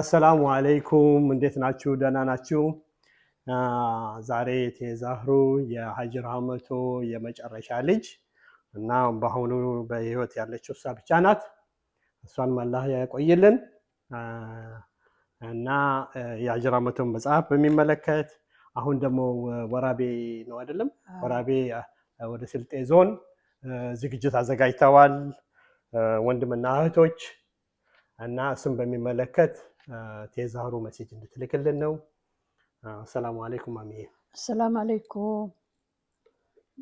አሰላሙ አለይኩም እንዴት ናችሁ? ደህና ናችሁ? ዛሬ ቴዛህሩ የሀጅር አመቶ የመጨረሻ ልጅ እና በአሁኑ በህይወት ያለችው እሷ ብቻ ናት። እሷን መላህ ያቆይልን እና የሀጅር አመቶን መጽሐፍ በሚመለከት አሁን ደግሞ ወራቤ ነው አይደለም? ወራቤ ወደ ስልጤ ዞን ዝግጅት አዘጋጅተዋል ወንድምና እህቶች እና እሱም በሚመለከት ቴዛሩ መሴጅ እንድትልክልን ነው። አሰላሙ አለይኩም አሚ። አሰላም አለይኩም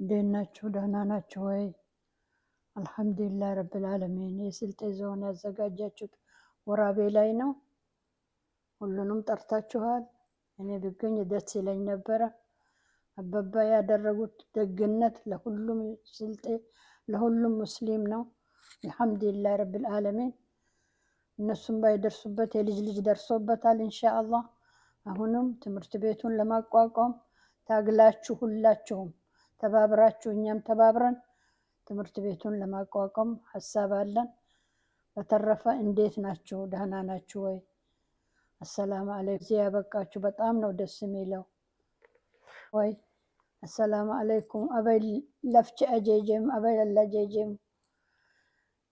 እንዴት ናችሁ? ደህና ናችሁ ወይ? አልሐምዱሊላህ ረብል ዓለሚን። የስልጤ ዞን ያዘጋጃችሁት ወራቤ ላይ ነው። ሁሉንም ጠርታችኋል። እኔ ብገኝ ደስ ይለኝ ነበረ። አበባ ያደረጉት ደግነት ለሁሉም ስልጤ ለሁሉም ሙስሊም ነው። አልሐምዱሊላህ ረብል እነሱም ባይደርሱበት የልጅ ልጅ ደርሶበታል። እንሻአላህ አሁንም ትምህርት ቤቱን ለማቋቋም ታግላችሁ ሁላችሁም ተባብራችሁ እኛም ተባብረን ትምህርት ቤቱን ለማቋቋም ሀሳብ አለን። በተረፈ እንዴት ናችሁ? ደህና ናችሁ ወይ? አሰላም አለይኩም። እዚህ ያበቃችሁ በጣም ነው ደስ የሚለው። ወይ አሰላም አለይኩም አበይ ለፍቼ አጄጄም አበይ አላጄጄም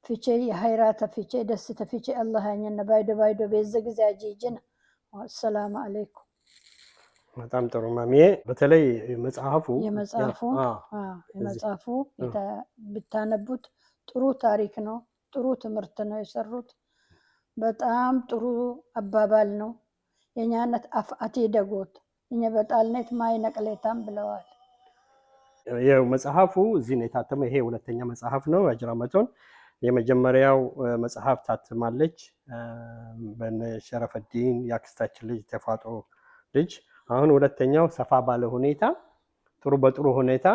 ፊቼ የሀይራተ ፊቼ ደስተ ፊቼ አላህ ያኘነ ባይዶ ባይዶ በዘ ጊዜ አጂጅን ሰላም አለይኩም። በጣም ጥሩ ማሚዬ። በተለይ መጽሐፉ የመጽሐፉ የመጽሐፉ ብታነቡት ጥሩ ታሪክ ነው፣ ጥሩ ትምህርት ነው የሰሩት። በጣም ጥሩ አባባል ነው። የኛነት አፍአቴ ደጎት እኛ በጣልነት ማይ ነቅሌታም ብለዋል። ይኸው መጽሐፉ እዚህ ነው የታተመ። ይሄ ሁለተኛ መጽሐፍ ነው የአጅራ የመጀመሪያው መጽሐፍ ታትማለች። በሸረፈዲን የአክስታችን ልጅ ተፋጦ ልጅ። አሁን ሁለተኛው ሰፋ ባለ ሁኔታ ጥሩ በጥሩ ሁኔታ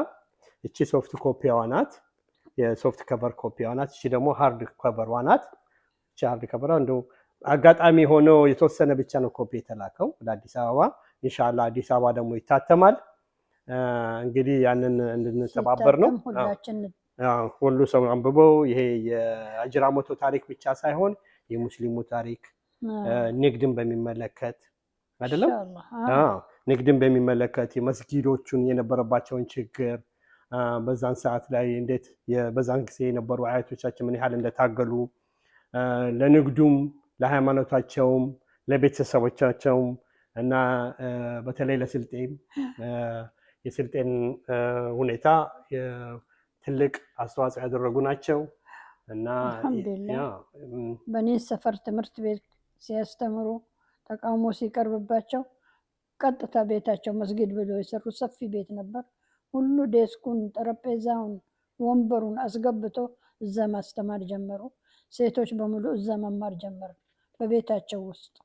እቺ ሶፍት ኮፒዋ ናት፣ የሶፍት ከቨር ኮፒዋ ናት። እቺ ደግሞ ሃርድ ከቨሯ ናት። እቺ ሃርድ ከቨሯ እንደ አጋጣሚ ሆኖ የተወሰነ ብቻ ነው ኮፒ የተላከው ወደ አዲስ አበባ። እንሻላ አዲስ አበባ ደግሞ ይታተማል። እንግዲህ ያንን እንድንተባበር ነው። ሁሉ ሰው አንብበው ይሄ ሞቶ ታሪክ ብቻ ሳይሆን የሙስሊሙ ታሪክ ንግድን በሚመለከት አይደለም፣ ንግድን በሚመለከት የመስጊዶቹን የነበረባቸውን ችግር በዛን ሰዓት ላይ እንዴት በዛን ጊዜ የነበሩ አያቶቻችን ምን ያህል እንደታገሉ ለንግዱም፣ ለሃይማኖታቸውም፣ ለቤተሰቦቻቸውም እና በተለይ ለስልጤም የስልጤን ሁኔታ ትልቅ አስተዋጽኦ ያደረጉ ናቸው እና በእኔ ሰፈር ትምህርት ቤት ሲያስተምሩ ተቃውሞ ሲቀርብባቸው ቀጥታ ቤታቸው መስጊድ ብሎ የሰሩ ሰፊ ቤት ነበር። ሁሉ ዴስኩን፣ ጠረጴዛውን፣ ወንበሩን አስገብቶ እዛ ማስተማር ጀመሩ። ሴቶች በሙሉ እዛ መማር ጀመሩ። በቤታቸው ውስጥ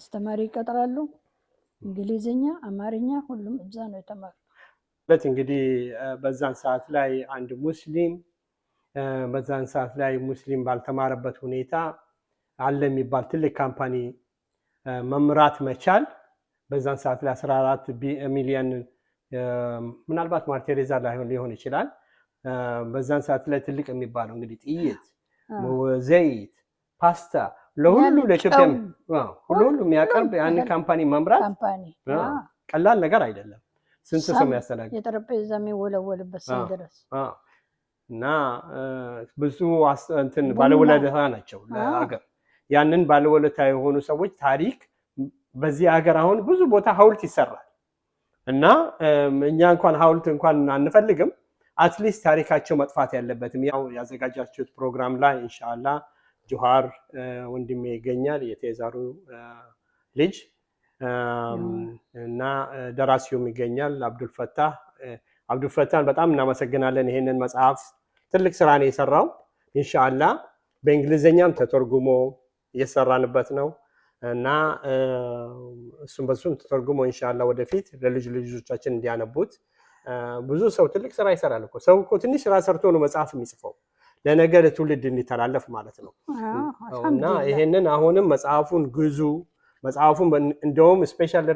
አስተማሪ ይቀጥራሉ። እንግሊዝኛ፣ አማርኛ ሁሉም እዛ ነው የተማሩ። ለት እንግዲህ በዛን ሰዓት ላይ አንድ ሙስሊም በዛን ሰዓት ላይ ሙስሊም ባልተማረበት ሁኔታ አለ የሚባል ትልቅ ካምፓኒ መምራት መቻል በዛን ሰዓት ላይ 14 ሚሊዮን ምናልባት ማርቴሬዛ ላይሆን ሊሆን ይችላል። በዛን ሰዓት ላይ ትልቅ የሚባለው እንግዲህ ጥይት፣ ዘይት፣ ፓስታ ለሁሉ ለኢትዮጵያ ሁሉ የሚያቀርብ ያንን ካምፓኒ መምራት ቀላል ነገር አይደለም። ስንት ሰው የሚያስተናግድ የጠረጴዛ የሚወለወልበት ሰው ድረስ እና ብዙ እንትን ባለውለታ ናቸው ለሀገር። ያንን ባለውለታ የሆኑ ሰዎች ታሪክ በዚህ ሀገር አሁን ብዙ ቦታ ሀውልት ይሰራል እና እኛ እንኳን ሀውልት እንኳን አንፈልግም። አትሊስት ታሪካቸው መጥፋት ያለበትም ያው ያዘጋጃችሁት ፕሮግራም ላይ እንሻላ ጆሃር ወንድሜ ይገኛል የቴዛሩ ልጅ እና ደራሲውም ይገኛል አብዱልፈታህ። አብዱልፈታህን በጣም እናመሰግናለን። ይሄንን መጽሐፍ ትልቅ ስራ ነው የሰራው። እንሻአላ በእንግሊዝኛም ተተርጉሞ እየሰራንበት ነው እና እሱም በሱም ተተርጉሞ እንሻላ ወደፊት ለልጅ ልጆቻችን እንዲያነቡት። ብዙ ሰው ትልቅ ስራ ይሰራል እኮ ሰው እኮ ትንሽ ስራ ሰርቶ ነው መጽሐፍ የሚጽፈው ለነገ ለትውልድ እንዲተላለፍ ማለት ነው እና ይሄንን አሁንም መጽሐፉን ግዙ መጽሐፉን እንደውም ስፔሻል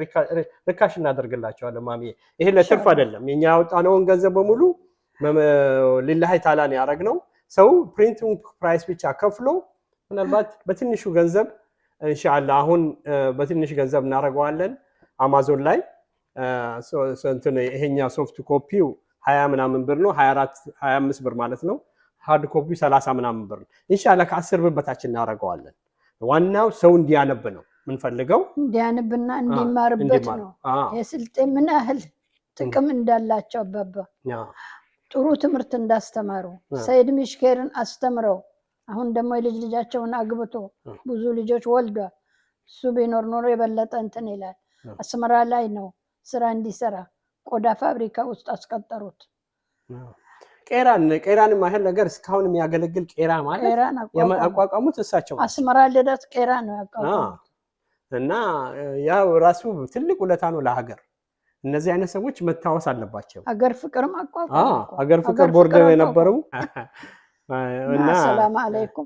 ርካሽ እናደርግላቸዋለን። ማሚ ይሄ ለትርፍ አይደለም። የኛ ያወጣነውን ገንዘብ በሙሉ ሊላህ ታላን ያደረግነው ሰው ፕሪንቲንግ ፕራይስ ብቻ ከፍሎ ምናልባት በትንሹ ገንዘብ እንሻላ አሁን በትንሽ ገንዘብ እናደርገዋለን። አማዞን ላይ ይሄኛ ሶፍት ኮፒው ሀያ ምናምን ብር ነው፣ ሀያ አምስት ብር ማለት ነው። ሀርድ ኮፒው ሰላሳ ምናምን ብር ነው። እንሻላ ከአስር ብር በታችን እናደርገዋለን። ዋናው ሰው እንዲያነብ ነው። የምንፈልገው እንዲያንብና እንዲማርበት ነው። የስልጤ ምን ያህል ጥቅም እንዳላቸው አባባ ጥሩ ትምህርት እንዳስተማሩ ሰይድ ሚሽኬርን አስተምረው አሁን ደግሞ የልጅ ልጃቸውን አግብቶ ብዙ ልጆች ወልዷል። እሱ ቢኖር ኖሮ የበለጠ እንትን ይላል። አስመራ ላይ ነው ስራ እንዲሰራ ቆዳ ፋብሪካ ውስጥ አስቀጠሩት። ቄራን ቄራን ማህል ነገር እስካሁን የሚያገለግል ቄራ ማለት አቋቋሙት እሳቸው አስመራ ልደት ቄራ ነው ያቋቋሙት። እና ያው ራሱ ትልቅ ውለታ ነው ለሀገር። እነዚህ አይነት ሰዎች መታወስ አለባቸው። ሀገር ፍቅር ማቋቋም ሀገር ፍቅር ቦርደር የነበረው እና ሰላም አለይኩም